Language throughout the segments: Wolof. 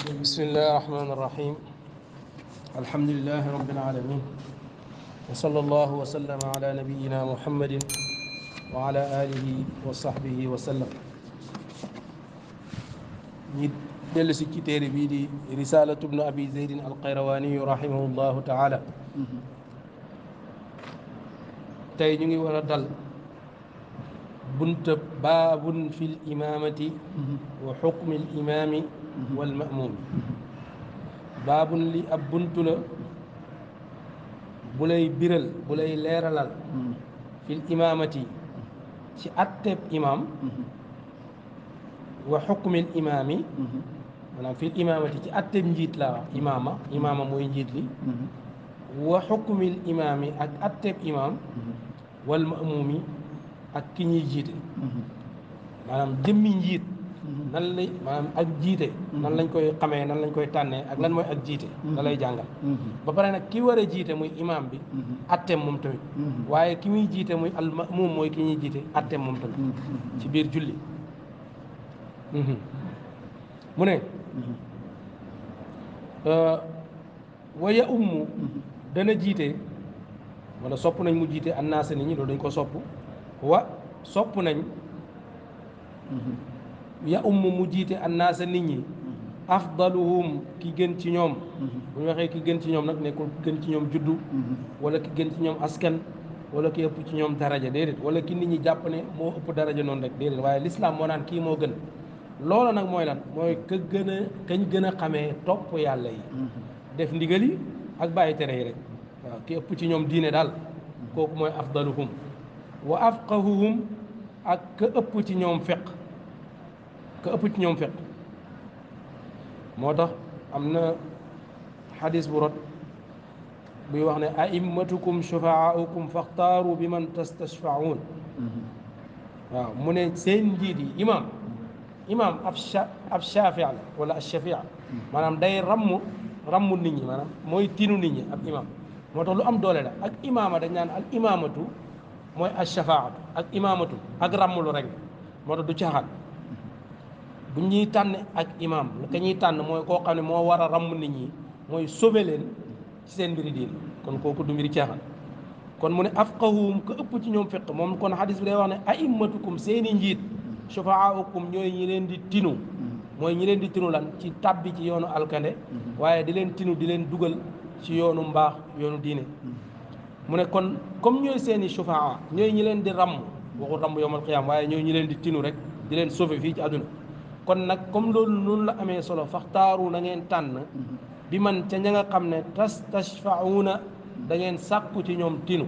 بسم الله الرحمن الرحيم الحمد لله رب العالمين وصلى الله وسلم على نبينا محمد وعلى آله وصحبه وسلم دل سكتير بيدي رسالة ابن أبي زيد القيرواني رحمه الله تعالى tey ñu ngi war a dal bunt baabun fi l wal ma'muum baabun li ab buntu la bu lay biral bu lay leeralal fil imaamati ci atteb imaam wa xukmil imaami maanaam fil imamati ci atteb njiit laa wax imaama imaama mooy li wa xukmil imaami ak atteb imaam wal ma'muumi ak ki ñuy jiite jëmmi njiit nan lay maanaam ak jiite nan lañ koy xamee nan lañ koy tànnee ak lan mooy ak jiite da lay jàngal ba pare nag ki war a jiite muy imaam bi atteem moom tamit waaye ki muy jiite muy almamuum mooy ki ñuy jiite atteem moom tamit ci biir julli mu ne waya ummu dana jiite wala sopp nañ mu jiite annaasa nit ñi loolu dañ ko sopp wa sopp nañ ya umm mu jiite annaasa nit ñi mm-hmm. afdaluhum ki gën ci ñoom mm-hmm. bu ñu waxee ki gën ci ñoom nag nekkul ki gën ci ñoom juddu mm-hmm. wala ki gën ci ñoom askan wala ki ëpp ci ñoom daraja déedéet wala ki nit ñi jàpp ne moo ëpp daraja noonu rek waaye lislaam moo naan kii moo gën looloo nag mooy lan mooy ka gën a kañ gën a xamee topp yàlla yi def ndigal yi ak bàyyi tere yi rek waaw ki ëpp ci ñoom diine daal kooku mooy afdaluhum wa afqahuhum ak ka ëpp ci ñoom feq ka ëpp ci ñoom fekk moo tax am na xadis bu rot buy wax ne aimmatukum shufaaukum faxtaaru bi man tastashfaun waaw mu ne seen njiit yi imam imam ab sha ab shafia la wala ab shafia maanaam day ramm ramm nit ñi maanaam mooy tiinu nit ñi ab imam moo tax lu am doole la ak imaama dañ naan al imaamatu mooy al shafaatu ak imaamatu ak ràmmlu rek moo tax du caaxaan bu ñuy tànn ak imaam ka ñuy tànn mooy koo xam ne moo war a ràmm nit ñi mooy sauver leen ci seen mbiri diin kon kooku du mbiri caaxaan kon mu ne afqahuum ka ëpp ci ñoom fiq moom kon xadis bi day wax ne ay aimmatukum seeni njiit shufaaukum ñooy ñi leen di tinu mooy ñi leen di tinu lan ci tàbbi ci yoonu alkande waaye di leen tinu di leen dugal ci yoonu mbaax yoonu diine mu ne kon comme ñooy seeni shufaa ñooy ñi leen di ràmm waxul ràmm yowmal qiyaam waaye ñooy ñi leen di tinu rek di leen sauver fii ci àdduna kon nak comme loolu noonu la amé solo tan, na ngeen tan bi man ca ñinga xamné tas tashfauna da ngeen sakku ci ñom tinu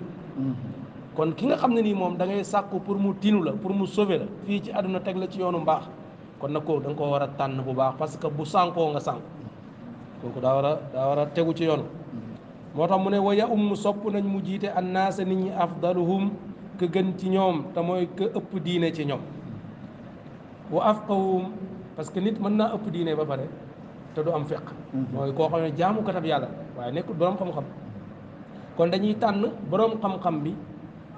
kon ki nga xamné ni mom da ngay sakku pour mu tinu la pour mu sauver la fi ci aduna tek la ci yoonu mbax kon nak ko dang nga wara tan bu baax parce que bu sanko nga sank kooku daa war a daa war ci yoonu moo mu ne waya um sopu nañ mu nit ñi afdaluhum ke gën ci ñom ta moy ke ëpp diiné ci ñom wa afqahum parce que nit mën naa ëpp diine ba pare te du am feq mhm. mooy koo xam ne jaamu katab yàlla waaye nekkul boroom xam-xam kon dañuy tànn boroom xam-xam bi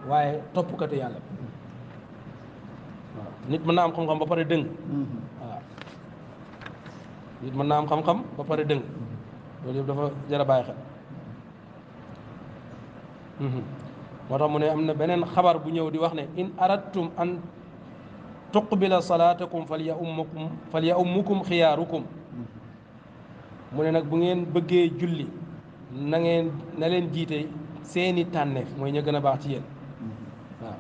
waaye toppkatu yàlla waaw nit mën naa am xam-xam ba pare dëng mhm. waaw nit mën naa loolu yëpp dafa jar a bàyyi xel mhm. moo tax mu ne am na beneen xabar bu ñëw di wax ne in aradtum an tuqbila salaatakum falyaumakum falyaummukum xiyaarukum mu ne nag bu ngeen bëggee julli na ngeen na leen jiite seeni tànneef mooy ñu gën a baax ci yéen waaw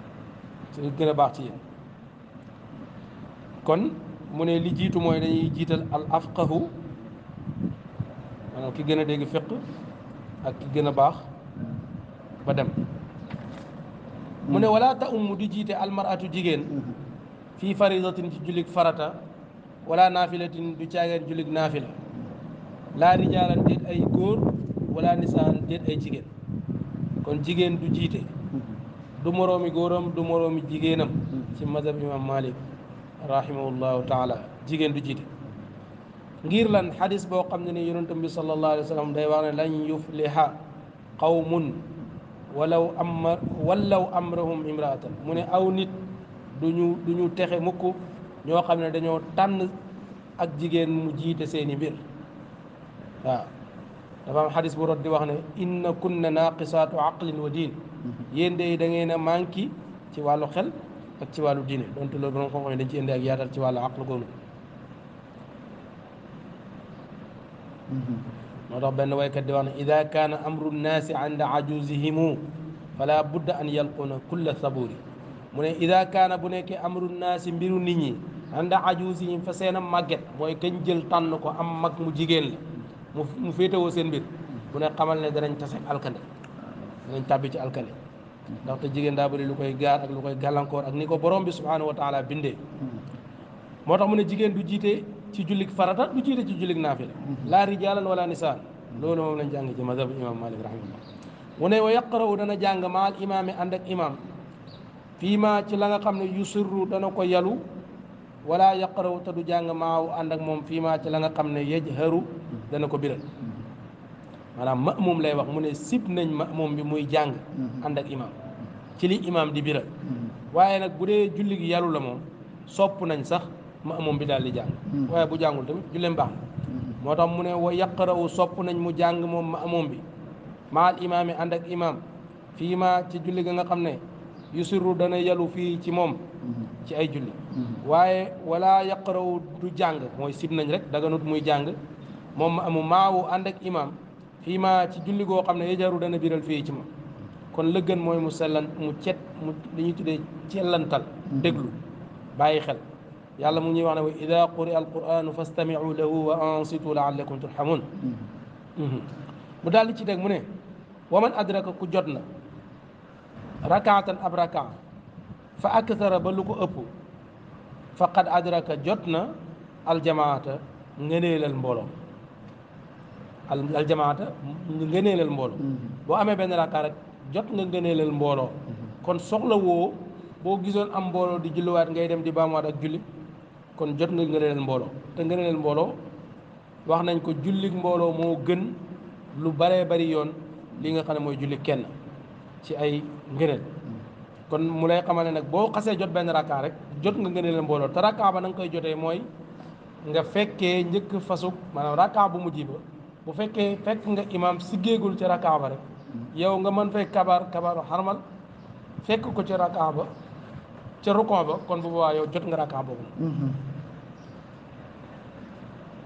ñu gën a baax ci yéen kon mu ne li jiitu mooy dañuy jiital al afqahu maanaam ki gën a dégg fiq ak ki gën a baax ba dem mu ne wala ta umm di jiite almaratu jigéen fii faridatin ci jullik farata wala naafilatin du caageen jullik naafila laa rijaalan déet ay góor wala nisaan déet ay jigéen kon jigéen du jiite du moroomi góoram du moroomi jigéenam ci madhab imam malik rahimahullahu taala jigéen du jiite ngir lan xadis boo xam ne ni yonentam bi sallallahu alayhi wa sallam day wax ne lan yufliha qawmun walaw amar wallaw amrahum imraatan mu ne aw nit du ñu du ñu texe mukk ñoo xam ne dañoo tànn ak jigéen mu jiite seeni mbir waaw dafa am xadis bu rot di wax ne inna kunna naaqisaatu aqlin wa diin yéen de da ngeen a manqué ci wàllu xel ak ci wàllu diine donte loolu borom xam-xam yi dañ ci indi ak yaatal ci wàllu aql googu moo tax benn waykat di wax ne ida kaana amru nnaasi inda ajuzihimu fala budda an yalquna kulla saburi mu ne ida kaana bu nekkee amru naasi mbiru nit ñi ànda ajuusi yi fa seen a màgget mooy kañ jël tànn ko am mag mu jigéen la mu féetewoo seen mbir mu ne xamal ne danañ tase ak alkande danañ tàbbi ci alkande ndaxte jigéen daa bëri lu koy gaar ak lu koy gàllankoor ak ni ko borom bi subhaanahu wa taala bindee moo tax mu ne jigéen du jiite ci jullik farata du jiite ci jullik naafila laa rijaalan wala nisaan loolu moom ci mazhab imam malik rahimahullah mu ne wa yaqra'u dana jàng maal imaami ànd ak imam fii ma ci la nga xam ne yusirru dana ko yalu wala yaqaraw te du jàng maaw ànd ak moom fii ma ci la nga xam ne yajharu dana ko biral maanaam ma'muum lay wax mu ne sib nañ ma ma'muum bi muy jàng ànd ak imaam ci li imaam di biral waaye nag bu dee julli yalu la moom sopp nañ sax ma'muum bi daal di jàng waaye bu jàngul tamit julleem moo tax mu ne wa yaqarawu sopp nañ mu jàng moom ma'muum bi maal imaam yi ànd fii ma ci julli ga nga xam ne yusiru dana yalu fii ci moom ci ay julli waaye wala yaqaraw du jàng mooy sib nañ rek daganut muy jàng moom amu maawu ànd ak imaam fii ma ci julli goo xam ne yejaru dana biral fii ci moom kon lëggan mooy mu sellan mu cet mu li ñuy tuddee cellantal déglu bàyyi xel yàlla mu ñuy wax ne wa ida quri al quranu fastamiu lahu wa ansitu laallakum turhamun mu daal di ci teg mu ne wa man adraka ku jot na rakaatan ab rakan fa aksara ba lu ko ëpp fa qad adraka jot na aljamaata ngëneelal mbooloo aljamaata ngëneelal mbooloo mm-hmm. boo amee benn rakaa rek jot nga ngëneelal mbooloo mm-hmm. kon soxla woo boo gisoon am mbooloo di julliwaat ngay dem di baamuwaat ak julli kon jot nga ngëneelal mbooloo te ngëneelal mbooloo wax nañ ko jullik mbooloo moo gën lu baree bari yoon li nga xam ne mooy julli kenn ci ay ngëneel kon mu lay xamal ne nag boo xasee jot benn rakka rek jot nga ngëneel mbooloo te rakka ba na koy jotee mooy nga fekkee njëkk fasug maanaam rakka bu mujj ba bu fekkee fekk nga imaam siggéegul ci rakka ba rek yow nga mën fay kabar kabaru xarmal fekk ko ci rakka ba ca rukon ba kon bu boobaa yow jot nga rakka boobu mhm.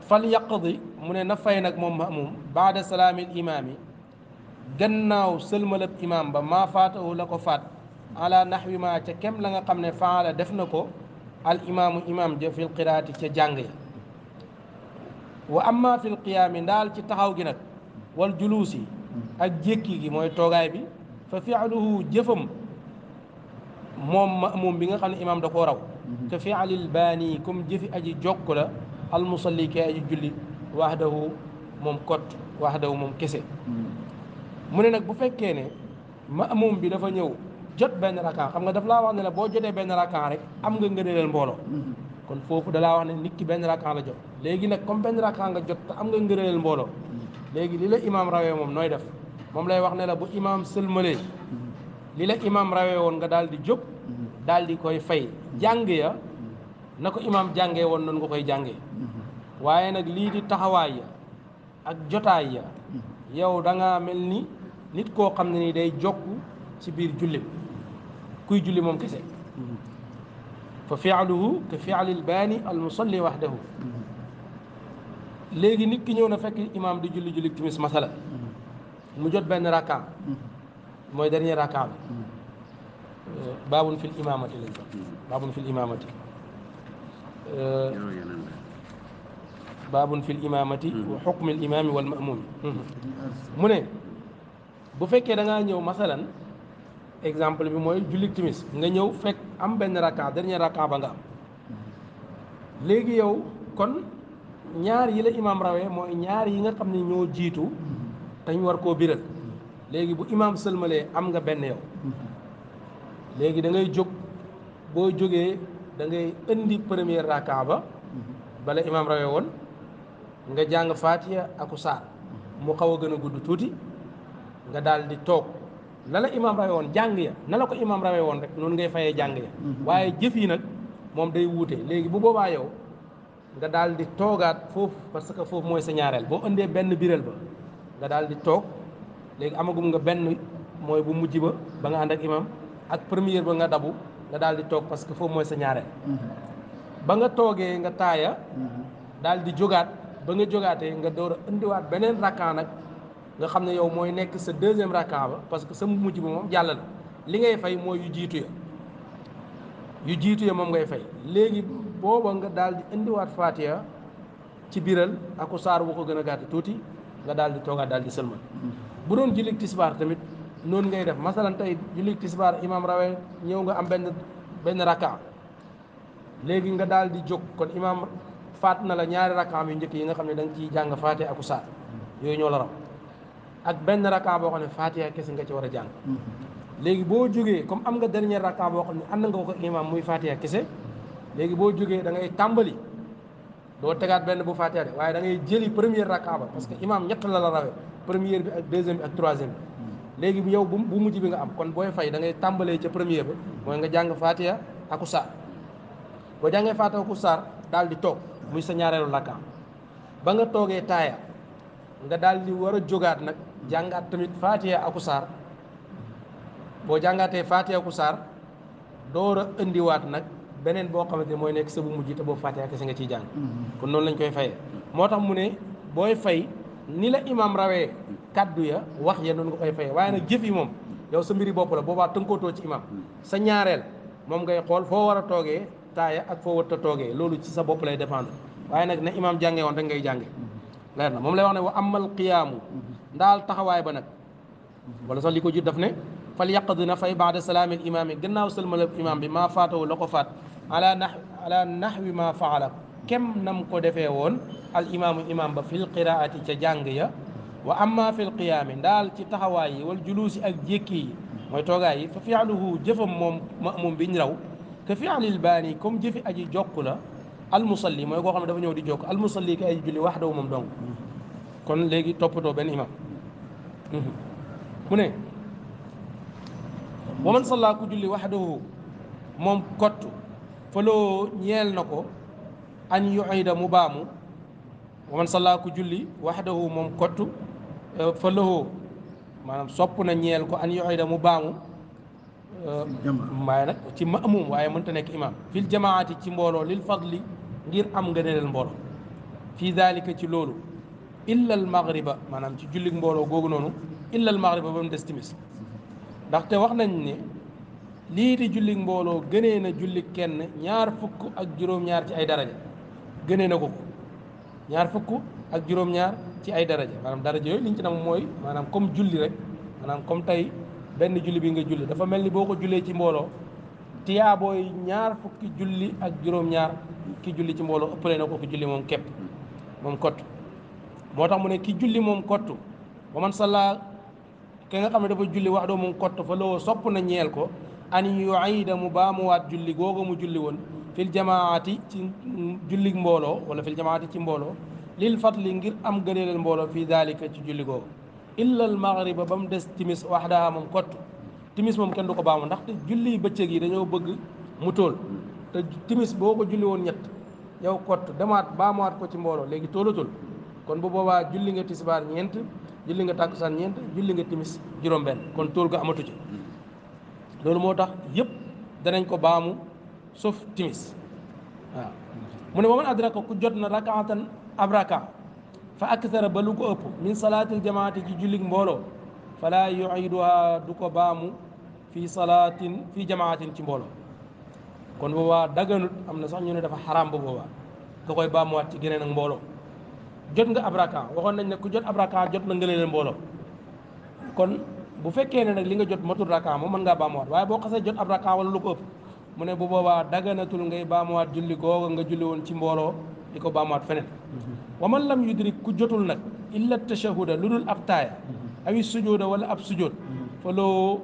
fal yaqdi mu ne na fay nag moom maamum baada salaamil imaam yi gannaaw sëlmalab imaam ba maa faatahu la ko faat ala naxwi ma ca kem la nga xam ne faala def na ko al imaamu imaam ja fil qiraati ca jàng ya wa amma fil qiyaami ndaal ci taxaw gi nag wal juluusi ak jékki gi mooy toogaay bi fa fialuhu jëfam moom mamuum bi nga xam ne imaam da koo raw ka fialil baani comme jëfi aji jokk la almusalli kay aji julli waxdahu moom kott waxdahu moom kese mu ne nag bu fekkee ne ma maamum bi dafa ñëw jot benn rakan xam nga daf laa wax ne la boo jotee benn rakan rek am nga ngëneelal mbooloo mm-hmm. kon foofu dalaa wax ne nit ki benn rakan la jot léegi nag comme benn rakan nga jot te am nga ngëneelal mbooloo mm-hmm. léegi li la imaam rawee moom nooy def moom lay wax ne la bu imaam sëlmalee mm-hmm. li la imaam rawee woon nga daal di jóg daal di koy fay jàng ya na ko imaam jàngee woon noonu nga koy jàngee waaye nag lii di taxawaay ak jotaay ya yow mel ni nit koo xam ne ni day jokk ci biir julli kuy julli moom kese fa fialuhu ka fiali lbaani almusalli waxdahu léegi nit ki ñëw na fekk imam di julli julli timis masala mu jot benn raka mooy dernier rakkaam babun fil imamati lañ ko babun fil imamati baabun fil imaamati wa xukmi limaami wal mamuumi mu ne bu fekkee dangaa ñëw masalan exemple bi mooy julli timis nga ñëw fekk am benn rakka dernier rakka ba nga am léegi yow kon ñaar yi la imaam rawee mooy ñaar yi nga xam ne ñoo jiitu dañ war koo biral léegi bu imaam sëlmalee am nga benn yow léegi da ngay jóg boo jógee da ngay indi premier rakka ba bala imaam rawee woon nga jàng faatiya aku saar mu xaw a gën a gudd tuuti nga daal di toog la la imaam rawe woon jàng ya na la ko imaam rawee woon rek noonu ngay fayee jàng ya mhm. waaye jëf yi nag moom day wuute léegi bu boobaa yow nga daal di toogaat foofu parce que foofu mooy sa ñaareel boo indee benn biréel ba nga daal di toog léegi amagum nga benn mooy bu mujj ba ba nga ànd ak imaam ak première ba nga dabu nga daal di toog parce que foofu mooy sa ñaareel mhm. ba nga toogee nga taaya mhm. daal di jógaat ba nga jógaatee nga door a indiwaat beneen rakkaan nga xam ne yow mooy nekk sa deuxième raka parce que sa mujj ba moom jàll la li ngay fay mooy yu jiitu ya yu jiitu ya moom ngay fay léegi booba nga daal di indiwaat faatiha ci biral ak saar woo ko gën a gàtt tuuti nga daal di toogaat daal di sëlmal bu doon jullit tisbaar tamit noonu ngay def masalan tey jullit tisbaar imaam rawee ñëw nga am benn benn rakka léegi nga daal di jóg kon imaam faat na la ñaari rakkaam yu njëkk yi nga xam ne da nga ciy jàng faate aku saar yooyu ñoo la ak benn rakka boo xam ne fatiha kese nga ci war a jàng léegi boo jógee comme am nga dernier rakka boo xam ne ànd nga ko imam muy fatiha kese léegi boo jógee da ngay tàmbali doo tegaat benn bu fatiha de waaye da ngay jëli première rakka ba parce que imaam ñett la la rawee première bi ak deuxième bi ak troisième bi léegi bu yow bu bu mujj bi nga am kon booy fay dangay tàmbalee ca première bi mooy nga jàng fatiha aku saar boo jàngee fatiha aku saar daal di toog muy sa ñaareelu rakka ba nga toogee taaya nga daal di war a jógaat nag jàngaat tamit faatiha aku saar boo jàngaatee faatiha aku saar door a indiwaat nag beneen boo xamante ne mooy nekk sëbu mujj te boobu faatiha kese nga ciy jàng mm-hmm. kon noonu lañ koy fayee moo tax mu ne booy fay ni la imaam rawee kaddu ya wax ya noonu nga koy fayee waaye nag jëf yi moom yow sa mbiri bopp la boobaa tënkootoo ci imaam sa ñaareel moom ngay xool foo war a toogee taaya ak foo warta toogee loolu ci sa bopp lay dépendre waaye nag ne imaam jàngee woon rek ngay jànge mm-hmm. ndaal taxaway ba nak wala sax liko ko daf ne fal yaqdina fay baada salaamil imaam yi gannaaw al imam bi ma faatawu lako ko faat ala nax ala nahwi ma faala kem nam ko defee woon al imam imaam ba fil qiraati ca jàng ya wa amma fil qiyam ndaal ci taxaway wal julus ak jékki moy toga yi fa fi'luhu jëfam mom mamum biñ raw ke fialil bani kum jëfi aji jokula la almusalli mooy koo xam ne dafa ñëw di jokk almusalli ki aji julli wax daw moom kon legi topoto ben imam mune waman wa salla ku julli wahdahu mom kottu falo ñel nako an yuida mubamu waman wa salla ku julli wahdahu mom kottu falo manam sopu na ñel ko an yuida mubamu baamu nak ci ma'mum waye mën ta nek imam fil jamaati ci mbolo lil fadli ngir am nga neleel mbooloo fii dalika ci loolu illal maghriba maanaam ci jullik mbooloo googu noonu illal maghriba ba mu des timis ndaxte wax nañ ni lii di julli mbooloo gënee na julli kenn ñaar fukk ak juróom-ñaar ci ay daraja gënee na ko ko ñaar fukk ak juróom-ñaar ci ay daraja maanaam daraja yooyu liñ ci nam mooy maanaam comme julli rek maanaam comme tey benn julli bi nga julli dafa mel ni boo ko jullee ci mbooloo tiyaabooy ñaar fukki julli ak juróom-ñaar ki julli ci mbooloo ëppale na ko ko julli moom képp moo tax mu ne ki julli moom kottu ba man salla ki xam ne dafa julli wax doo moom kottu fa loo sopp na ñeel ko an da mu baamuwaat julli googu mu julli woon fil jamaati ci julli mbooloo wala fil jamaati ci mbooloo lil fatli ngir am gëneelal mbooloo fii daalika ci julli googu illa al ba mu des timis daa moom kottu timis moom kenn du ko baamu ndaxte julli bëccëg yi dañoo bëgg mu tool te timis boo ko julli woon ñett yow kott demaat waat ko ci mbooloo léegi toolatul kon bu boobaa julli nga tisbaar ñeent julli nga tàkkusaan ñeent julli nga timis juróom-benn kon tóol ga amatu ci loolu moo tax yépp danañ ko baamu sof timis waaw mu ne waman adraka ku jot na rakaatan ab raka fa aksara ba lu ko ëpp min salaatil jamaati ci jullig mbooloo fala yuiduha du ko baamu fii salaatin fii jamaatin ci mbooloo kon boobaa daganut am na sax ñu ne dafa xaraam ba boobaa nga koy baamuwaat ci geneen ak mbooloo jot nga ab abraka waxoon nañ ne ku jot abraka jot na nga leen mbooloo kon bu fekkee ne nag li nga jot matul raka moom mën ngaa baamuwaat waaye boo xasee jot ab raka wala lu ko ëpp mu ne bu boobaa daganatul ngay baamuwaat julli googa nga julli woon ci mbooloo di ko baamuwaat feneen mm-hmm. wa man lam yudrik ku jotul nag illa tashahuda lu dul ab taaya mm-hmm. awi sujuuda wala ab sujuud mm-hmm. fa loo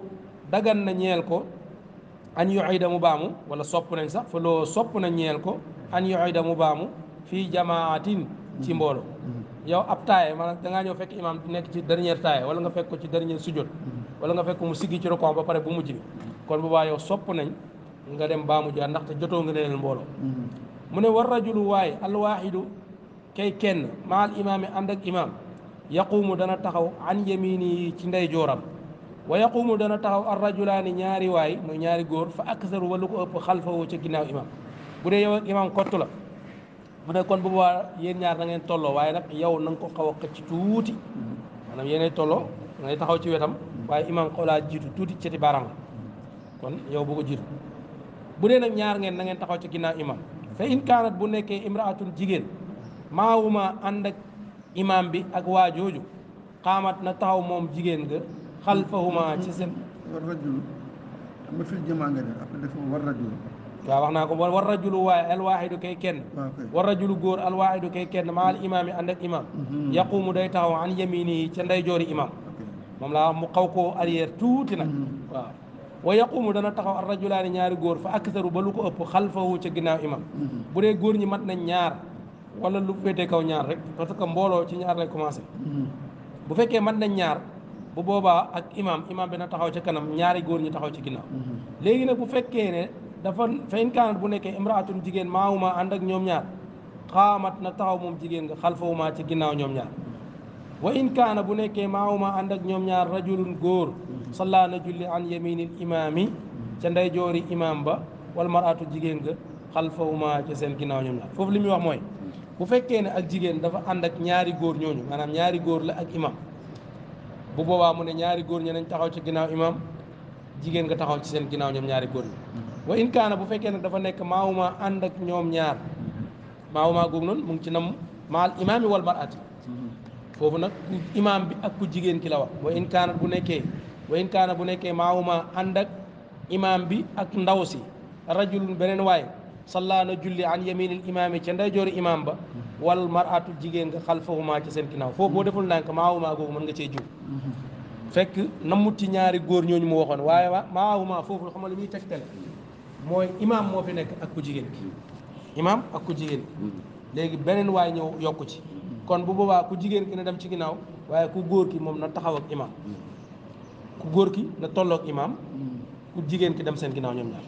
dagan na ñeel ko an yuida mu baamu wala sopp nañ sax fa sopp na ñeel ko an yuida mu baamu fii jamaatin ci mbooloo yow ab taaye maanaam da ngaa ñëw fekk imaam nekk ci dernière taaye wala nga fekk ko ci dernière sujjóot wala nga fekk mu siggi ci rokon ba pare bu mujj bi kon bu baa yow sopp nañ nga dem baa mujj ndaxte jotoo nga ne leen mbooloo mu ne war rajulu waaye alwaaxidu kay kenn maal imaami ànd ak imaam yaquumu dana taxaw an yamini ci ndey jooram wa yaquumu dana taxaw ar rajulaani ñaari waay mooy ñaari góor fa aksaru wala ko ëpp xalfawu ca ginnaaw imaam bu dee yow ak imaam la mu ne kon bu boobaa yéen ñaar na ngeen tolloo waaye nag yow na ko xaw a xëcc tuuti maanaam yéenay tolloo da ngay taxaw ci wetam waaye imaam xaw jiitu tuuti ceti baaraam kon yow bu ko jiitu bu dee nag ñaar ngeen na ngeen taxaw ci ginnaaw imaam fa in kaanat bu nekkee imraatun jigéen maawuma ànd ak imaam bi ak waa jooju xaamat na taxaw moom jigéen nga xalfahuma ci seen war rajul xam war rajul waaw wax naa ko wa rajulu waaye alwaahidu kay kenn wa rajulu góor alwaahidu kay kenn maa al imaam yi ànd ak imam mm-hmm. yaqumu day taxaw an yaminihi ca ndeyjoori imam moom laa wax mu xaw koo arrière tuuti nag mm-hmm. waaar wa yaqumu dana taxaw ar rajulaani ñaari góor fa aksaru ba lu ko ëpp xal xalfahu ca ginnaaw imam mm-hmm. bu dee góor ñi mat nañ ñaar wala lu féete kaw ñaar rek parce que mbooloo ci ñaar lay commencé bu fekkee mën nañ ñaar bu boobaa ak imam imam bi taxaw ca kanam ñaari góor ñi taxaw ci ginnaaw léegi nag bu fekkee dafa fa in kaanat bu nekkee imraatun jigéen maahuma ànd ak ñoom ñaar xaamat na taxaw moom jigéen nga xalfawuma ci ginnaaw ñoom ñaar wa in bu nekkee maahuma ànd ak ñoom ñaar rajulun góor salla na julli an yaminil imaami ca ndeyjoori imaam ba wal maraatu jigéen nga xalfawuma ca seen ginnaaw ñoom ñaar foofu li muy wax mooy bu fekkee ne ak jigéen dafa ànd ak ñaari góor ñooñu maanaam ñaari góor la ak imaam bu boobaa mu ne ñaari góor ñi nañ taxaw ci ginnaaw imaam jigéen nga taxaw ci seen ginnaaw ñoom ñaari góor ñi wa in kaana bu fekkee nag dafa nekk maawuma ànd ak ñoom ñaar maawuma googu noonu mu ci nam maal imaami wal nag ku imaam bi ak ku jigéen ki la wax bu nekkee wa in bu nekkee maawuma ànd ak imaam bi ak ndaw si rajulun beneen waay sallaa na julli an yaminil imaami ca ndeyjoori imaam ba wal mar'atu jigéen nga xalfahuma ci seen ginnaaw foofu boo deful ndànk maawuma googu mën nga cee jiw fekk namut ci ñaari góor ñooñu mu waxoon waaye maawuma foofu xam nga li muy tegtale mooy imaam moo fi nekk ak ku jigéen ki imaam ak ku jigéen ki léegi beneen waay ñëw yokku ci kon bu boobaa ku jigéen ki na dem ci ginnaaw waaye ku góor ki moom na taxaw ak imaam ku góor ki na tolloog imaam ku jigéen ki dem seen ginnaaw ñoom ñaar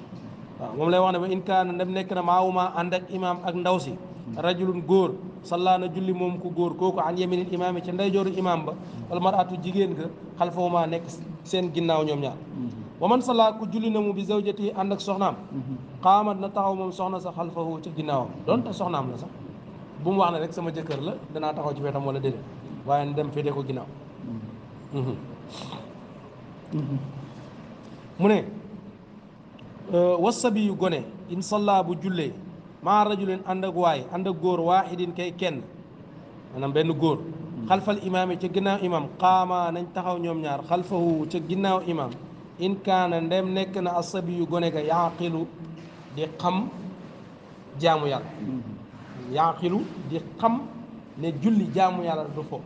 waaw moom lay wax ne ba in kaana nekk na maawuma ànd ak ak ndaw si rajulun góor sallaa na julli moom ku góor kooku an yeminil imaam yi ca ndeyjooru imaam ba wala jigéen ga xalfawuma nekk seen ginnaaw ñoom ñaar wa man salla ku julli na mu bi zawjati ànd ak soxnaam xaamat mhm. na taxaw moom soxna sa xalfahu ci ginnaawam donte soxnaam la sax bu mu wax na rek sama jëkkër la danaa taxaw ci wetam wala déedéet waaye dem féetee ko ginnaaw mhm. Mhm. mu ne wasabi yu gone in salla bu jullee maa rajulin ànd ak waay ànd ak góor waaxidin kay kenn maanaam benn góor xalfal imaam ca ginnaaw imaam xaamaa nañ taxaw ñoom ñaar xalfahu ca ginnaaw imaam ان كان ندم نك نا اصبي غونغا يعقل دي خم جامو يال يعقل دي خم ني جولي جامو يال دو فو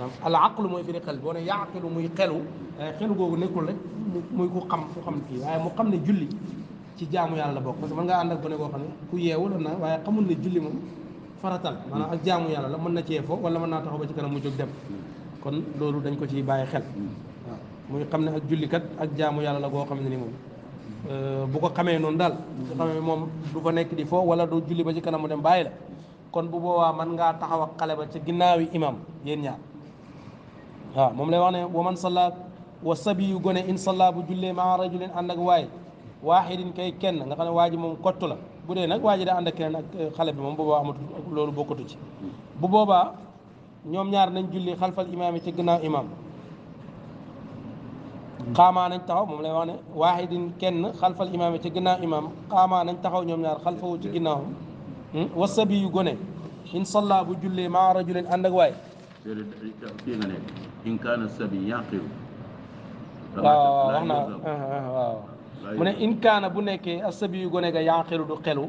نعم. العقل موي في القلب وانا يعقل موي خلو خلو غو نيكول لك موي كو خم كو خم تي واي مو خم ني جولي تي جامو يال لا بوك باسكو مانغا اندك غوني غو خاني كو ييو لا نا واي خمول ني جولي موم faratal manam ak jaamu yalla la mën na ci fo wala mën na taxaw ba ci kanam mu jog dem kon lolu muy xam ne ak jullikat ak jaamu yàlla la goo xam ne ni moom euh, bu ko xamee noonu daal su xamee moom du fa nekk di foo wala du julli ba ci kanam mu dem bàyyi la kon bu boobaa man ngaa taxaw ak ca ginnaawi imam yéen ñaar waaw moom lay wax ne wa man salla wa sabi yu gone in salla bu jullee maa rajulin ànd ak waay waaxidin kay kenn nga xam ne waa ji moom kottu la bu dee nag waa ji daa ànd ak keneen ak euh, xale bi moom bu boobaa amatu loolu bokkatu ci bu boobaa ñoom ñaar nañ julli xalfal imaam yi ci ginnaaw imaam قاما نتاو مملوان واحد كن خلف الامام تجنا امام قاما نتاو نيوم نار خلفو تجناهم والسبي يغني ان صلى ابو جلي مع رجل عندك واي ان كان السبي يعقل آه، آه، آه، من ان كان بو نيك السبي يغني غا يعقل دو خلو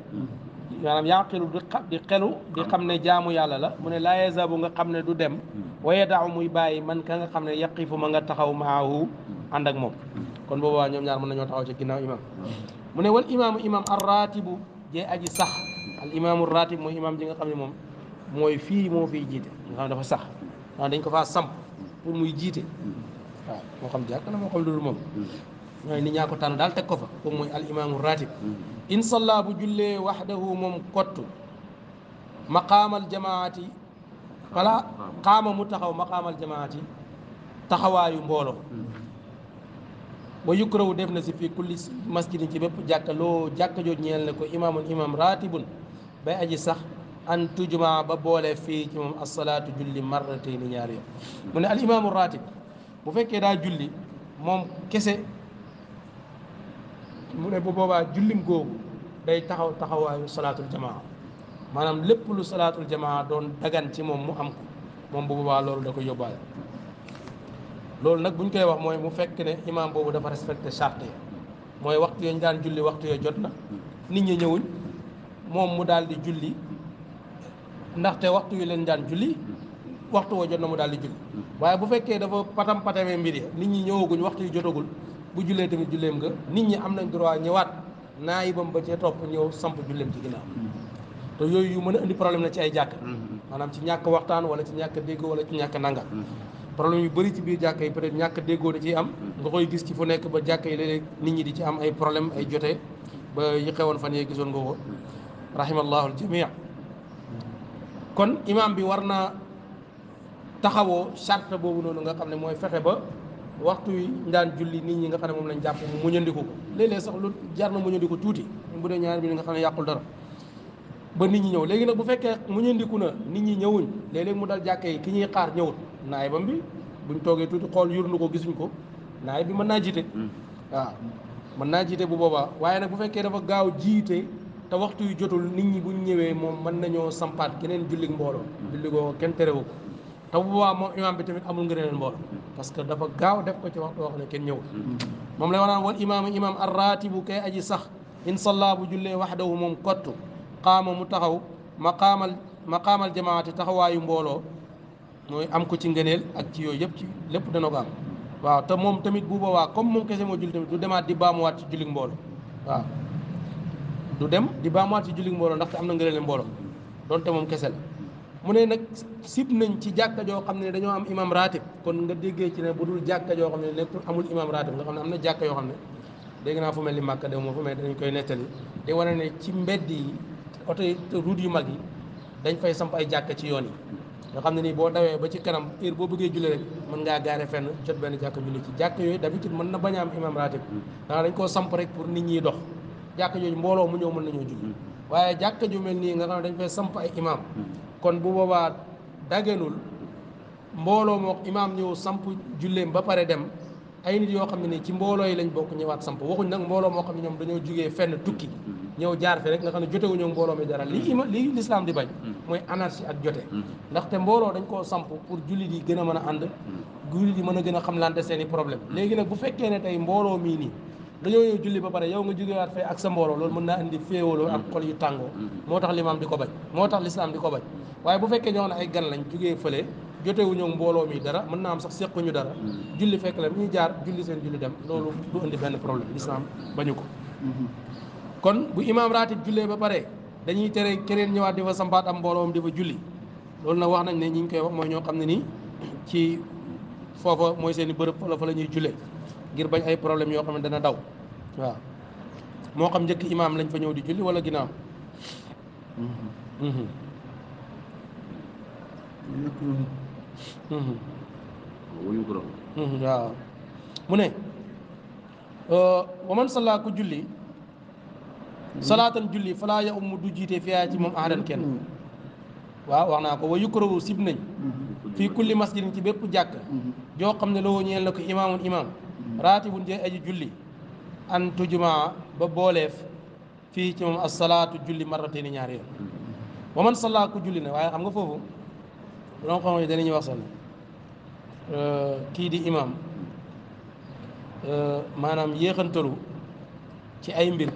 manam yaqilu di xam di xelu di xam ne jaamu yàlla la mu ne laa yezabu nga xam ne du dem waya daaw muy bàyyi man ka nga xam ne yaqifu ma nga taxaw maahu ànd ak moom kon boobaa ñoom ñaar mën nañoo taxaw ci ginnaaw imam mu ne wal imaamu imam arratibu jee aji sax al imaamu ratib mooy imam ji nga xam ne moom mooy fii moo fiy jiite nga xam ne dafa sax dañ ko faa samp muy jiite waaw moo xam jàkk la moom mooy ni ñaa ko tànn daal teg ko fa kooku mooy al imaamu ratib in salla bu jullee waxdahu moom kottu maqaamal jamaati wala qaama mu taxaw maqaamal jamaati taxawaayu mboolo wa yukrahu def na si fii kulli masjidin ci bépp jàkka loo jàkka joo ñeel na ko imaamun imaam ratibun bay aji sax an tujuma ba boole fii ci moom asalaatu julli marratayni ñaari yoon mu ne al imaamu bu fekkee daa julli moom kese mu ne bu boobaa jullim googu day taxaw taxawaayu salaatul jamaa maanaam lépp lu salaatul jamaa doon dagan ci moom mu am ko moom bu boobaa loolu da ko yóbbaale loolu nag bu ñu koy wax mooy mu fekk ne imaam boobu dafa respecté charte yi mooy waxtu yooyu ñu daan julli waxtu yooyu jot na nit ñi ñëwuñ moom mu daal di julli ndaxte waxtu yu leen daan julli waxtu woo jot na mu daal di julli waaye bu fekkee dafa patam patamee mbir ya nit ñi ñëwaguñ waxtu yu jotagul bu jullee tamit julleem nga nit ñi am nañ droit ñëwaat naayibam ba cee topp ñëw samp julleem ci ginnaaw te yooyu yu mën a indi problème na ci ay jàkk mm-hmm. maanaam ci ñàkk waxtaan wala ci ñàkk dégg wala ñàkk nangal mm-hmm. problème yu bari ci biir jàkka yi peut-être ñàkk déggoo da ciy am mm-hmm. nga koy gis ci fu nekk ba jàkka yi léeg nit ñi di ci am ay problème ay jotee ba yi xewoon fan yee gisoon nga ko mm-hmm. rahimallahu aljamia kon imam bi war naa taxawoo charte boobu noonu nga xam ne mooy fexe ba waxtu yi daan julli nit ñi nga xam ne moom lañ jàpp mu muñandiku ko léeg-léeg sax lu jar na muñandiku tuuti bu dee ñaari bi nga xam ne yàqul dara ba nit ñi ñëw léegi nag bu fekkee muñandiku na nit ñi ñëwuñ léeg-léeg mu dal jàkkee yi ki ñuy xaar ñëwut naay bam bi buñ toogee tuuti xool yurnu ko gisuñ ko naay bi mën naa jiite hmm. waaw mën naa jiite bu boobaa waaye nag bu fekkee dafa gaaw jiite te waxtu yu jotul nit ñi bu ñëwee moom mën nañoo sampaat keneen jullig mbooloo hmm. julli kenn terewu ko te bu boobaa moom imaam bi tamit amul ngëneel mbooloo hmm. parce que dafa gaaw def ko ci waxtu wax ne kenn ñëwul moom lay wanaan wal imaamu imaam arraatibu kay aji sax in salla bu jullee waxdahu moom kott qaama mu taxaw maqaamal maqaamal jamaati taxawaayu mbooloo mooy am ko ci ngëneel ak ci yooyu yëpp ci lépp dana ko am waaw te moom tamit bu boobaa comme moom kese moo julli tamit du demaat di baamuwaat ci jullit waaw du dem di baamuwaat ci jullit mbooloo ndaxte am na ngëneelu mbooloo donte moom kese mu ne nag sib nañ ci jàkka joo xam ne dañoo am imam ratib kon nga déggee ci ne bu dul jàkka joo xam ne nekkul amul imam ratib nga xam ne am na jàkka yoo xam ne dégg naa fu mel ni Màkka dew moo fu mel dañ koy nettali di wane ne ci mbedd yi oto route yu mag yi dañ fay samp ay jàkka ci yoon yi nga xam ne nii boo dawee ba ci kanam heure boo bëggee julli rek mën ngaa gaare fenn jot benn jàkk julli ci jàkk yooyu d'habitude mën na bañ a am imam ratib ndax koo samp rek pour nit ñiy dox jàkk yooyu mbooloo mu ñëw mën nañoo julli waaye jàkk ju mel nii nga xam ne dañ fay samp ay imaam kon bu boobaa daganul mbooloo moo imaam ñëw samp julleem ba pare dem ay nit yoo xam ne nii ci mbooloo yi lañ bokk ñëwaat samp waxuñ nag mbooloo moo xam ne ñoom dañoo jugee fenn tukki ñëw jaar fi rek nga xam ne jotewuñu ak mbooloo mi dara mm-hmm. li ima li lislaam di bañ mm-hmm. mooy anarchie ak jote mm-hmm. ndaxte mbooloo dañ koo samp pour jullit yi gën a mën a ànd jullit yi mën a gën a xam lante seen i problème léegi nag bu fekkee ne tey mbooloo mii nii dañoo julli ba pare yow nga jógewaat fee ak sa mbooloo loolu mën naa indi féewaloo ak xol yu tàngoo moo tax limaam di ko bañ moo tax lislaam di ko bañ waaye bu fekkee ñoo xam ne ay gan lañ jógee fële jotewuñu mbooloo mi dara mën naa am sax sequñu dara julli fekk la ñuy jaar julli seen julli dem loolu indi benn problème lislaam bañu ko kon bu imaam raatib jullee ba pare dañuy tere keneen ñëwaat di fa sampaat am mbooloom di fa julli loolu nag wax nañ ne ñu ngi koy wax mooy ñoo xam ne nii ci foofa mooy seen i bërëb wala la ñuy jullee ngir bañ ay problème yoo xam ne dana daw waaw moo xam njëkk imaam lañ fa ñëw di julli wala ginnaaw. waaw mu ne waman salla julli. salaatan julli falaa ya umm du jiite fiyaa ci moom ahadan kenn waaw wax naa ko wa yukrahu sib nañ kulli masjidin ci bépp jàkk joo xam ne loo ñeel na ko imaamun imaam raatibun jee aji julli an tujuma ba booleef fii ci moom asalaatu julli marratayni ñaari yoon wa man salla ku julli na waaye xam nga foofu loo xam ne danañuy wax sax euh, kii di imaam euh, maanaam yéexantalu ci ay mbir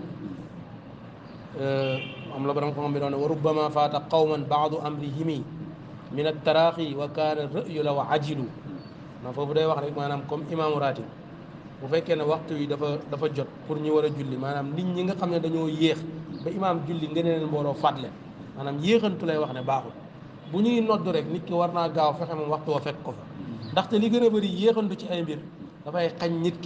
آه، أم لبرم قام بنا وربما فات قوما بعض أمرهم من التراخي وكان الرؤي لو عجل ما فوفر ده وحنا كمان كم إمام راتي وفي كان وقت يدفع دفع جد كرني ورا جلي ما نام نين ينعا كم يدنيو يخ بإمام جلي عندنا نبورة فضل ما نام يخ أن تلاقي وحنا باهو بني نود درك نيك ورنا قاو فخم وقت وفك كفا دخت لي غير بري يخ أن بتش أمير دفع يقنيتك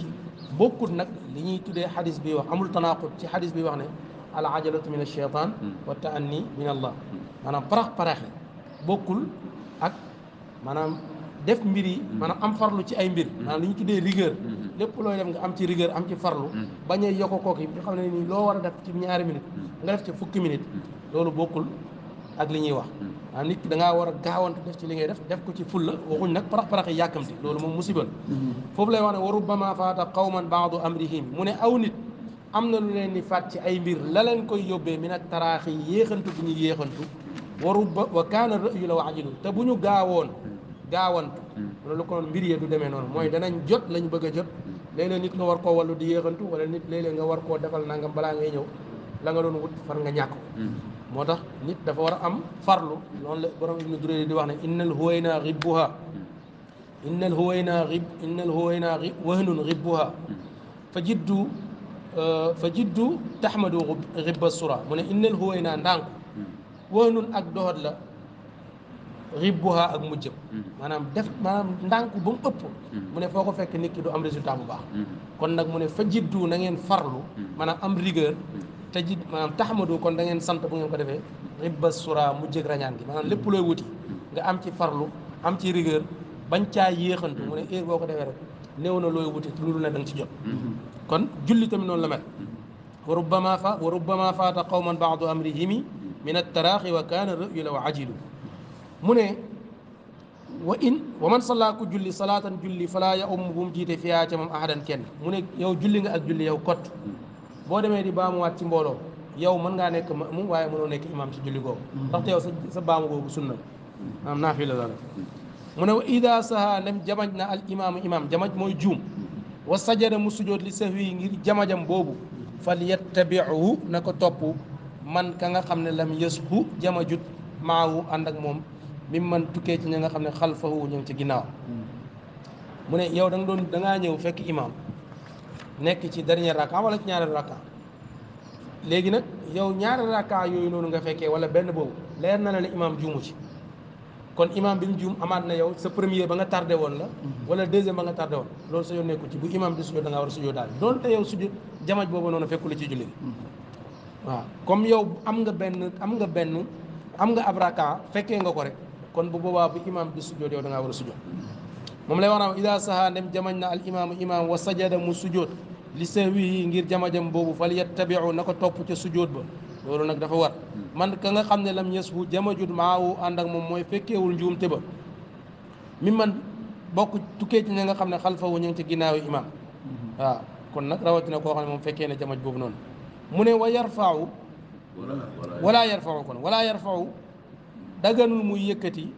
بوكر نك لين يتودي حدث بيوه عمل تناقض في حدث بيوه نه al ajalatu min ash-shaytan wa ta'anni min allah maanaam parax paraxe bokkul ak maanaam def mbir yi maanaam am farlu ci ay mbir maanaam li ñu tuddee rigueur lépp looy def nga am ci rigueur am ci farlu bañ a yokk kook yi nga xam ne nii loo war a def ci ñaari minute nga def ci fukki minute loolu bokkul ak li ñuy wax maanaam nit ki da ngaa war a gaawante def ci li ngay def def ko ci fulla waxuñ nag parax parax yi yàkkamti loolu moom musibal foofu lay wax ne wa rubbama faata qawman baadu amrihim mu ne aw nit am lu leen ni fàtt ci ay mbir la leen koy yobbe min ak taraxi yéexantu bu ñu yéexantu waru rubba wa kana ra'yu la waajilu te bu ñu gaawon lolu ko mbir ye ya du deme non moy danañ jot lañu bëgg jot leele nit nga war ko walu di yéexantu wala nit leele nga war ko defal nangam bala ngay ñew la nga doon wut far nga ñàkk motax nit dafa wara am farlu non la borom ibnu duré di wax ne innal huwayna ribbuha innal huwayna rib innal huwayna wahnun ribbuha fajiddu fa jiddu taxmadu ribba sura mu ne innal huway naa ndànku waanun ak doxat la ribbuha ak mujjëm maanaam def maanaam ndànku ba mu ëpp mu ne foo ko fekk nit du am résultat bu baax kon nag mu ne fa jiddu na ngeen farlu maanaam am rigueur te ji maanaam taxamadu kon da ngeen sant bu ngeen ko defee ribba sura mujjëg rañaan gi maanaam lépp looy wuti nga am ci farlu am ci rigueur bañ caa yéexantu mu ne heure boo ko defee rek néew na looy wuti lu la ne da nga ci jot كن جلّي تمن ولا مل وربما فا وربما فات قوما بعض أمرهم من التراخي وكان الرؤي لو عجلوا من وإن ومن صلى جلّي صلاة جلّي فلا يأم بوم جيت فيها جمع أحدا كن من يو جلّي نعك جلّي يو كت بود ما يدي بام واتيم بولو يو من غانة كم مو واي منو نك إمام جلّي غو بعدها يو سبام غو بسنة أم نافيل هذا من إذا سها لم جمعنا الإمام إمام جمع موجوم wa sajada mu sujjoot li sahwi ngir jama jam boobu fal yattabi'u na ko topp man ka nga xam ne lam jama jut maawu ànd ak moom mi man tukkee ci ña nga xam ne xal xalfahu ñëw ci ginnaaw hmm. mu ne yow danga doon da ñëw fekk imaam nekk ci dernier rakka wala ci ñaareel léegi nag yow ñaari rakka yooyu noonu nga fekkee wala benn boobu leer na la ne imaam juumu ci kon imam bi mu juum amaat na yow sa premier ba nga tardé woon la mhm. wala deuxième ba nga tardé woon loolu sa yoon nekku ci bu imam di sujjóot da war a sujjóot daal doon te yow sujjóot jamaj boobu noonu fekku mhm. comme yow am nga benn am nga benn am nga ab fekkee nga ko rek kon bu boobaa bu imam di sujjóot yow war a sujjóot moom lay waraam ida saha ndem jamañ na al imaamu imam wa sajada mu sujjóot li sahwihi ngir jamajam boobu fal yattabiu na ko topp ca sujjóot ba lolu nak dafa war man ka nga xamne lam ñes bu jama jut maawu ànd ak moom mooy fekkeewul njum te ba mi man bok tukkee ci nga xamne khalfa xalfa wu ñu ci ginaaw imam wa kon nak rawati na ko xamne mom fekke na jama boobu bobu non mune wa yarfaaw wala yarfaaw kon wala yarfaaw daganul muy yëkkati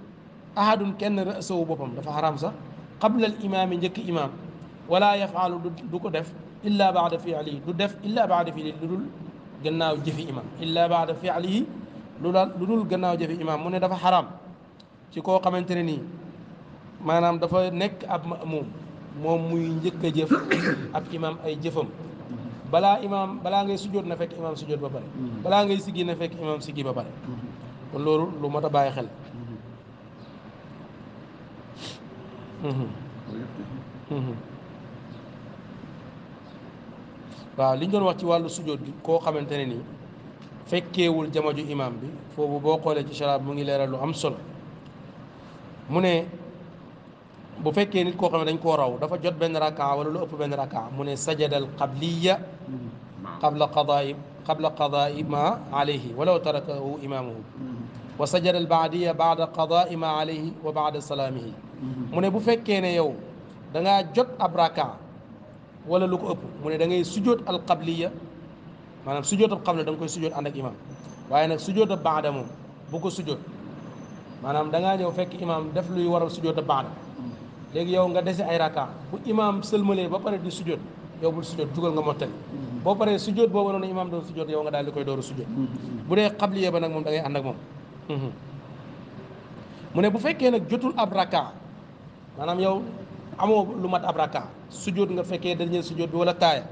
ahadun kenn rësawu bopam dafa haram sax qabla al imaami njëkk imaam wala yafaalu du ko def illa baada fiili du def illa baada fiili غناو جيفي امام الا بعد في فعله لودول غناو جيفي امام مو دافا حرام سي كو خامتيني ني مانام دافا نيك اب ماموم موم موي نيكا جيف اب امام اي جيفم بلا امام بلا غي سجود نا فك امام سجود با بار بلا غي سيغي نا فك امام سيغي با بار كون لولو لو متا باي خيل Mm-hmm. waaw li ñu doon wax ci wàllu sujood bi koo xamante ne nii fekkeewul jamaju imam bi foofu boo xoolee ci sharaab mu ngi leeral lu am solo mu ne bu fekkee nit koo xam ne dañ koo raw dafa jot benn rakaa wala lu ëpp benn rakaa mu ne sajadal qabliya qabla qadaai qabla qadaai ma alayhi walaw tarakahu imaamuhu wa sajadal baadiya baada qadaai ma alayhi wa baada salaamihi mu ne bu fekkee ne yow da ngaa jot ab rakaa wala lu ko ëpp mu ne da ngay sujjoot al qabliya maanaam sujjoot ab qabla da nga koy sujjoot ànd ak imam waaye nag sujjoot ab baada moom bu ko sujjoot maanaam da ngaa ñëw fekk imam def luy waral sujjoot ab baada léegi yow nga dese ay raka bu imam sëlmalee ba pare di sujjoot yow bul sujjoot jugal nga mottali boo paree sujjoot boobu noonu imam doon sujjoot yow nga daal di koy dooru sujjoot bu dee qabliya ba nag moom da ngay ànd ne bu fekkee nag jotul ab raka maanaam yow amoo lu mat ab rakka sujjóot nga fekkee dernier sujjóot bi wala taaya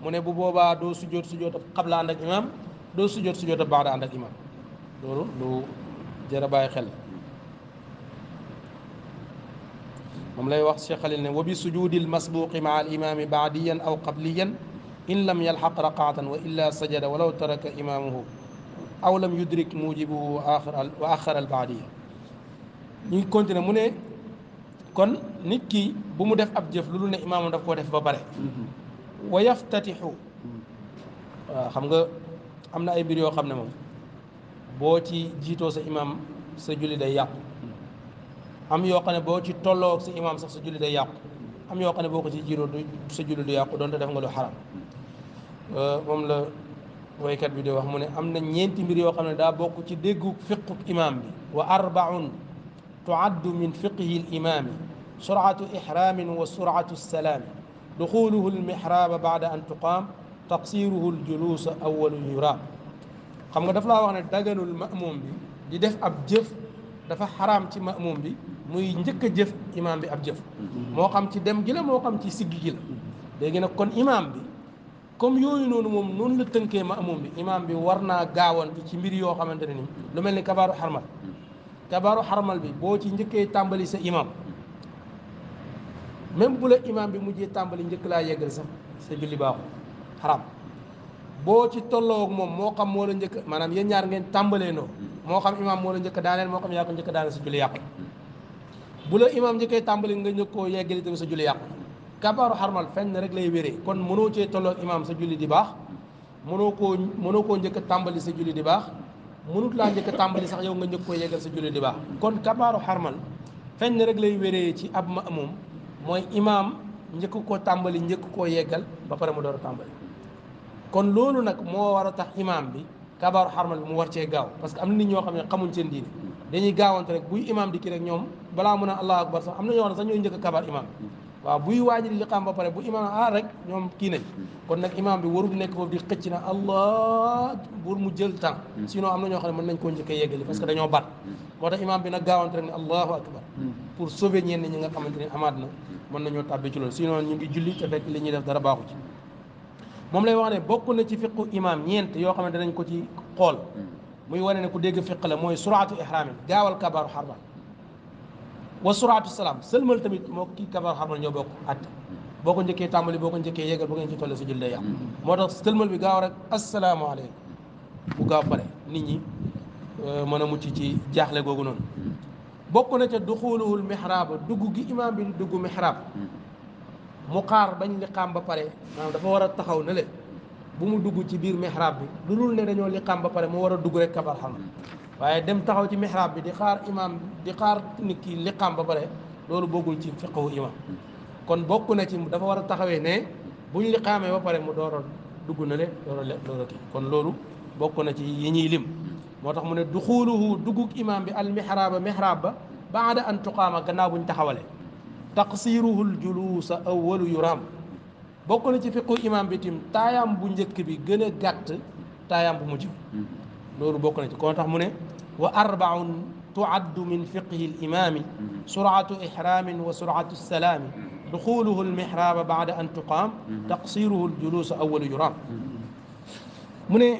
mu ne bu boobaa doo sujjóot sujjóot xabla ànd ak imaam doo sujjóot sujjóot ab baada ànd ak imaam loolu lu jërë bàyyi xel moom lay wax Cheikh Khalil ne wa bi sujudil masbuqi maa al imaami baadiyan aw qabliyan in lam yalxaq raqaatan wa illa sajada walaw taraka imaamuhu aw lam yudrik mujibuhu wa axara al baadiya mu ne kon nit ki bu mu def ab jëf lu dul ne imaamam daf koo def ba pare mm-hmm. wa yaftatixu mm-hmm. waaw xam nga am na ay mbir yoo xam ne moom boo ci jiitoo sa imaam sa julli day yàqu mm-hmm. am yoo xam ne boo ci tolloo ak sa sax sa julli day yàqu am yoo xam ne boo ko ci jiitoo du sa julli du yàqu doonte def nga lu xaram euh, moom la woykat bi de wax mu ne am na ñeenti mbir yoo xam ne daa bokk ci déggu fiquk imaam bi wa arbaun تعد من فقه الإمام سرعة إحرام وسرعة السلام دخوله المحراب بعد أن تقام تقصيره الجلوس أول يراب خمغا دافلا واخني داغن الماموم بي دي ديف اب جيف دا حرام تي ماموم بي موي نديك جيف امام بي اب جيف مو خام تي ديم جيلا مو خام تي سيغي جيلا ديغي نا كون امام بي كوم يوي نونو موم نون لا تنكي ماموم بي امام بي ورنا غاوان تي مير يو خامتاني لو ملني كبار حرمه kabaaru xarmal bi boo ci njëkkee tàmbali sa imam même bu la imam bi mujjee tàmbali njëkk laa yeggal sax sa julli baaxul xaram boo ci tolloo moom moo xam moo la njëkk maanaam yéen ñaar ngeen tàmbalee noo moo xam imam moo la njëkk daaneel moo xam yaa ko njëkk daaneel sa julli yàqu bu la imam njëkkee tàmbali nga njëkkoo yeggali tamit sa julli yàqu kabaaru xarmal fenn rek lay wéree kon mënoo cee tolloo ak sa julli di baax mënoo ko mënoo koo njëkk tàmbali sa julli di baax mënut laa njëkk tàmbali sax yow nga jëkk koo yeggal sa julli di baax kon kabaaru xarmal feñ na rek lay wéree ci ab ma moom mooy imaam njëkk koo tàmbali njëkk koo yeggal ba pare mu door a tàmbali kon loolu nag moo war a tax imaam bi kabaaru xarmal bi mu war cee gaaw parce que am na nit ñoo xam ne xamuñ seen diine dañuy gaawante rek buy imaam di kii rek ñoom balaa mën a allahu akbar sax am na ñoo xam ne sax ñooy njëkk a kabaar imaam waaw buy waajal liqaam ba pare bu imaam ah rek ñoom kii nañ kon nag imaam bi warul nekk foofu di xëcc na allah pour mu jël temps hmm. sinon am na ñoo xam ne mën nañ koo njëkk a yeggali parce que dañoo bat hmm. moo tax imaam bi nag gaawante rek ne hmm. ñi nga xamante ne amaat na mën nañoo tàbbi ci loolu sinon ñu ngi julli te fekk li ñuy def dara baaxu ci moom lay wax ne bokk na ci fiqu imaam ñeent yoo xam ne danañ ko ci xool muy wane ne ku dégg fiq la mooy suraatu ihraami gaawal kabaaru xarban wa suraatu salaam sëlmal tamit moo kii kabar xarmal ñoo bokk at boo ko njëkkee tàmbali boo ko njëkkee yéegal boo ngeen ci tollee su jul day moo tax sëlmal bi gaaw rek asalaamaaleykum bu gaaw pare nit ñi euh, mën a mucc ci jaaxle googu noonu bokk na ca duxuluhul mihraaba dugg gi imaam bi di dugg mihraab mu xaar bañ liqaam ba pare maanaam dafa war a taxaw ne bu mu dugg ci biir mihraab bi lu dul ne dañoo liqaam ba pare mu war a dugg rek kabar xarmal waye dem taxaw ci mihrab bi di xaar imam di xaar nit ki liqaam ba bare lolu bogul ci fiqhu imam kon bokku na ci dafa wara taxawé ne buñ liqaamee ba bare mu doro dugg na le doro le doro ki kon lolu bokku na ci yiñi lim motax mu ne dukhuluhu duggug imam bi al mihrab mihrab ba an tuqama ganna buñ taxawalé taqsiruhu al julus awwal yuram bokku na ci fiqhu imam bi tim tayam bu njëkk bi gëna gàtt tayam bu mujju لولو bokk na ci koo tax تعد من فقه الإمام سرعة إحرام وسرعة السلام دخوله المحراب بعد أن تقام تقصيره الجلوس أول يرام موني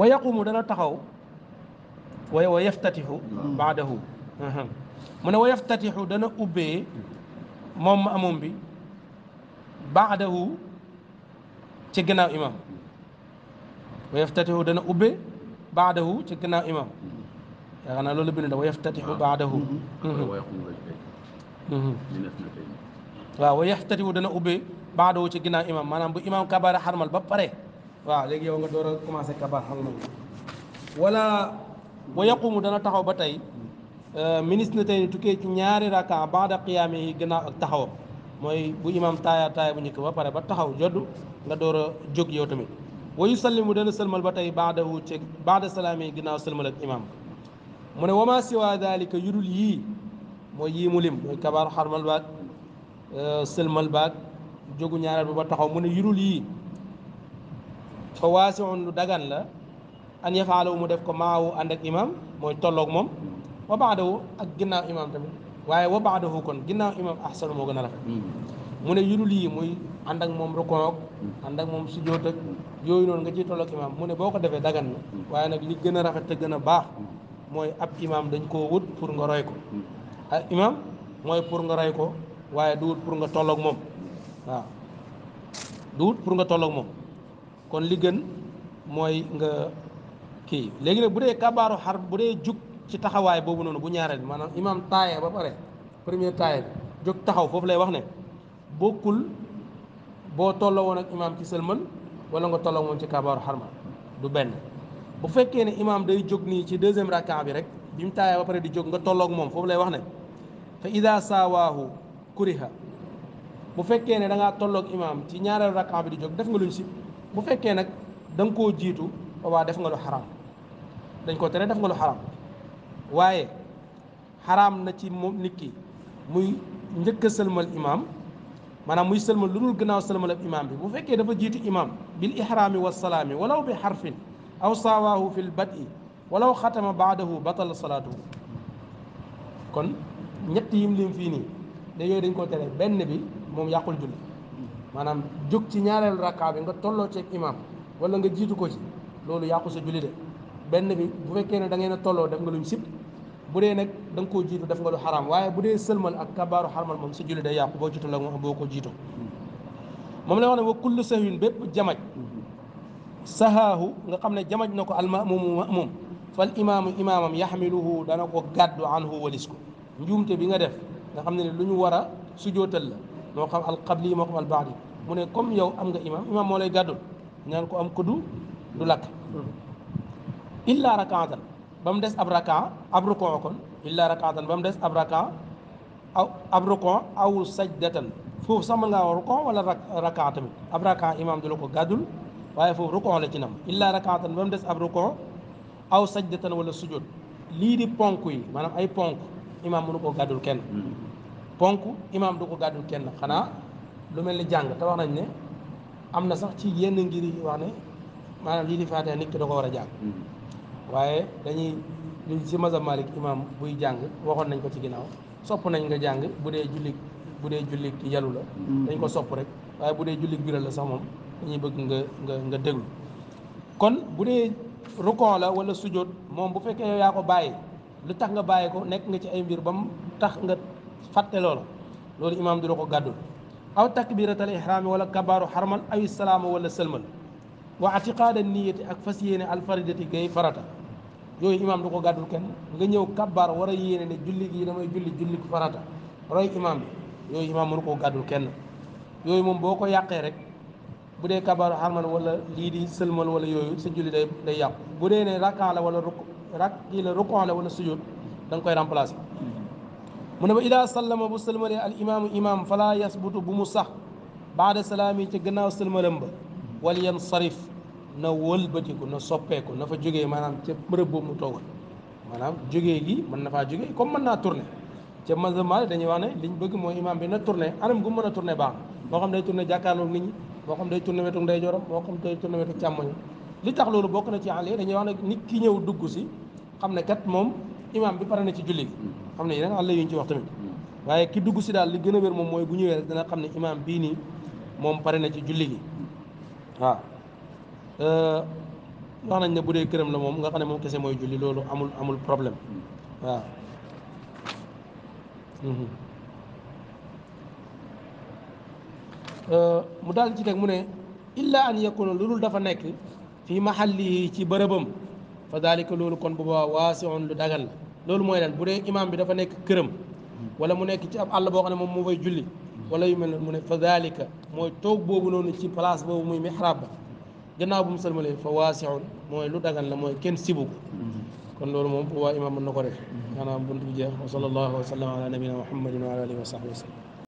ويقوم دنا تخاو ويفتتح بعده من ويفتتح دنا اوبي مم أمم بي بعده تجنا إمام wa yaftatihu dana ubbe baadahu ci gannaaw imam yaakaar naa loolu bind da wa yaftatihu baadahu waaw wa yaftatihu dana ubbe baadahu ci gannaaw imam maanaam bu imam kabaara xarmal ba pare waa léegi yow nga door a commencé kabaar xarmal wala wa yaqumu dana taxaw ba tey ministre na tey ni tukkee ci ñaari raka baada qiyaame gannaaw ak taxawam mooy bu imam taaya taaya bu njëkk ba pare ba taxaw jodd nga door a jóg yow tamit ويسلم دون سلم البتاي بعده بعد سلامي جنا سلم الإمام من وما سوى ذلك يرلي مي ملم كبار حرم الباد آه، سلم الباد جوجو نيار البتا من يرلي فواسع دغان لا ان يفعلوا مو دفكو ماو عندك امام موي تولوك موم وبعده اك امام تامي واي وبعده كون غيناو امام احسن مو غنا رافت من يرلي موي ànd ak moom rukoog ànd ak moom si ak yooyu noonu nga ciy toll ak imaam mu ne boo ko defee dagan na waaye nag li gën a rafet te gën a baax mooy ab imaam dañ koo wut pour nga roy ko ak ah, imaam mooy pour nga roy ko waaye du wut pour nga tolloog moom waaw du wut pour nga tolloog moom kon li gën mooy nga kii léegi nag bu dee kabaaru xar bu dee jug ci taxawaay boobu noonu bu ñaareel maanaam imaam taaye ba pare premier taaye bi jóg taxaw foofu lay wax ne bokkul boo tolloo woon ak imaam ci sëlman wala nga tolloo moom ci kabaaru xarma du benn bu fekkee ne imaam day jóg nii ci deuxième raka bi rek bi mu taayee ba pare di jóg nga tolloog moom foofu lay wax ne fa saa saawaahu kuriha bu fekkee ne da tollook tolloog imaam ci ñaareelu raka bi di jóg def nga luñ si bu fekkee nag da nga koo jiitu waa def nga lu xaraam dañ ko tere def nga lu xaraam waaye xaraam na ci moom nit ki muy njëkk a sëlmal imaam manam muy sëlmal lulul dul gannaaw sëlmalab imam bi bu fekkee dafa jiitu imam bil ihrami wa salami walaw bi harfin aw sawahu fil bad'i walaw khatama ba'dahu batal salatu kon ñett yim lim fi ni da yoy dañ ko tere benn bi mom yàqul julli manam juk ci ñaarel rakkaa bi nga tollo ci imam wala nga jiitu ko ci lolu yàqu sa julli de benn bi bu fekkee ne da ngeen a tolloo def nga luñ sip bu dee nag da nga koo jiitu def nga lu xaraam waaye bu dee sëlmal ak kabaaru xarmal moom sa julli day yàqu boo jiitu la boo ko jiitu moom la wax ne wa kullu sahwin bépp jamaj sahaahu nga xam ne jamaj na ko almamumu mamum fal imaamu imaamam yaxmiluhu dana ko gàddu anhu walis ko njuumte bi nga def nga xam ne lu ñu war a sujootal la moo xam alqabli moo xam albaadi mu ne comme yow am nga imaam imaam moo lay gàddul ñaan ko am ko du du lakk illa rakaatan ba mu des ab rakan ab rukon ba mu des ab aw ab rukon aw sajdatan foofu sax mën ngaa wax rukon wala rakan tamit ab rakan imam du la ko gàddul waaye foofu rukon la ci nam illa rakatan ba mu des ab rukon aw sajdatan wala sujud lii di ponk yi maanaam ay ponk imam mënu koo gàddul kenn hmm. ponk imam du ko gàddul kenn xanaa lu mel ni jàng te wax nañ ne am na sax ci yenn ngir yi wax ne maanaam lii di faatee nit ki da ko war a jàng hmm. waaye dañuy li ci mazhab Malik imam buy jàng waxoon nañ ko ci ginnaaw sopp nañ nga jàng bu dee julli bu dee julli yalu la mm-hmm. dañ ko sopp rek waaye bu dee julli biral la sax moom dañuy bëgg nga nga nga déglu kon bu dee rukon la wala sujjóot moom bu fekkee yaa ko bàyyi lu tax nga bàyyi ko nekk nga ci ay mbir ba mu tax nga fàtte loola loolu imaam du la ko gàddul aw takbiratal ihraami wala kabaaru xarman aw salaama wala sëlmal wa atiqaada niyati ak fas yéene alfaridati gay farata yooyu imaam du ko gàddul kenn nga ñëw kabbaar war a yéene ne julli gi damay julli julli ko farata roy imaam bi yooyu imaam mënu koo gàddul kenn yooyu moom boo ko yàqee rek bu dee kabaaru xarman wala lii di sëlmal wala yooyu sa julli day day yàqu bu dee ne rakkaa la wala ruk rak kii la rukon la wala sujud da nga koy remplacer mu ne ba ida sallama bu sëlmalee al imaamu imaam fala yasbutu bu mu sax baada salaam yi ca gannaaw sëlmalam ba wal yan sarif na wëlbatiku na soppeeku na fa jóge maanaam ca bërëb boobu mu toogoon maanaam jógee gi mën na faa jógee comme mën naa tourner ca mazhab Maalik dañuy wax ne liñ bëgg mooy imam bi na tourner anam gu mën a tourner baax moo xam day tourner jàkkaarloog nit ñi moo xam day tourner wetu ndeyjooram moo xam day tourner wetu càmmoñ li tax loolu bokk na ci àll dañuy wax ne nit ki ñëw dugg si xam ne kat moom imaam bi pare na ci julli gi xam ne yeneen àll yu ñu ci wax tamit waaye ki dugg si daal li gën a wér moom mooy bu ñëwee rek dana xam ne imam bii nii moom pare na ci julli gi waaw Euh, wax nañ ne bu dee këram la moom nga xam ne moom kese mooy julli loolu amul amul problème waaw mhm. euh, mu daal ci teg mu ne illa an yakuna lu dul dafa nekk fii mahallihi ci bërëbam fa daalika loolu kon bu boobaa waasiun lu dagan la loolu mooy lan bu dee imaam bi dafa nekk këram wala mu nekk ci ab àll boo xam ne moom moo fay julli wala yu mel ne mu ne fa daalika mooy toog boobu noonu ci place boobu muy mihrab gannaaw bu mu sëlmalee fa waasiun mooy lu dagan la mooy kenn sibu ko kon loolu moom waa imaam mën na ko def mm-hmm. maanaam buntu bi jeex wa sallallahu wa sallam ala nabina muhammadin wa ala alihi wa sahbihi wa sallam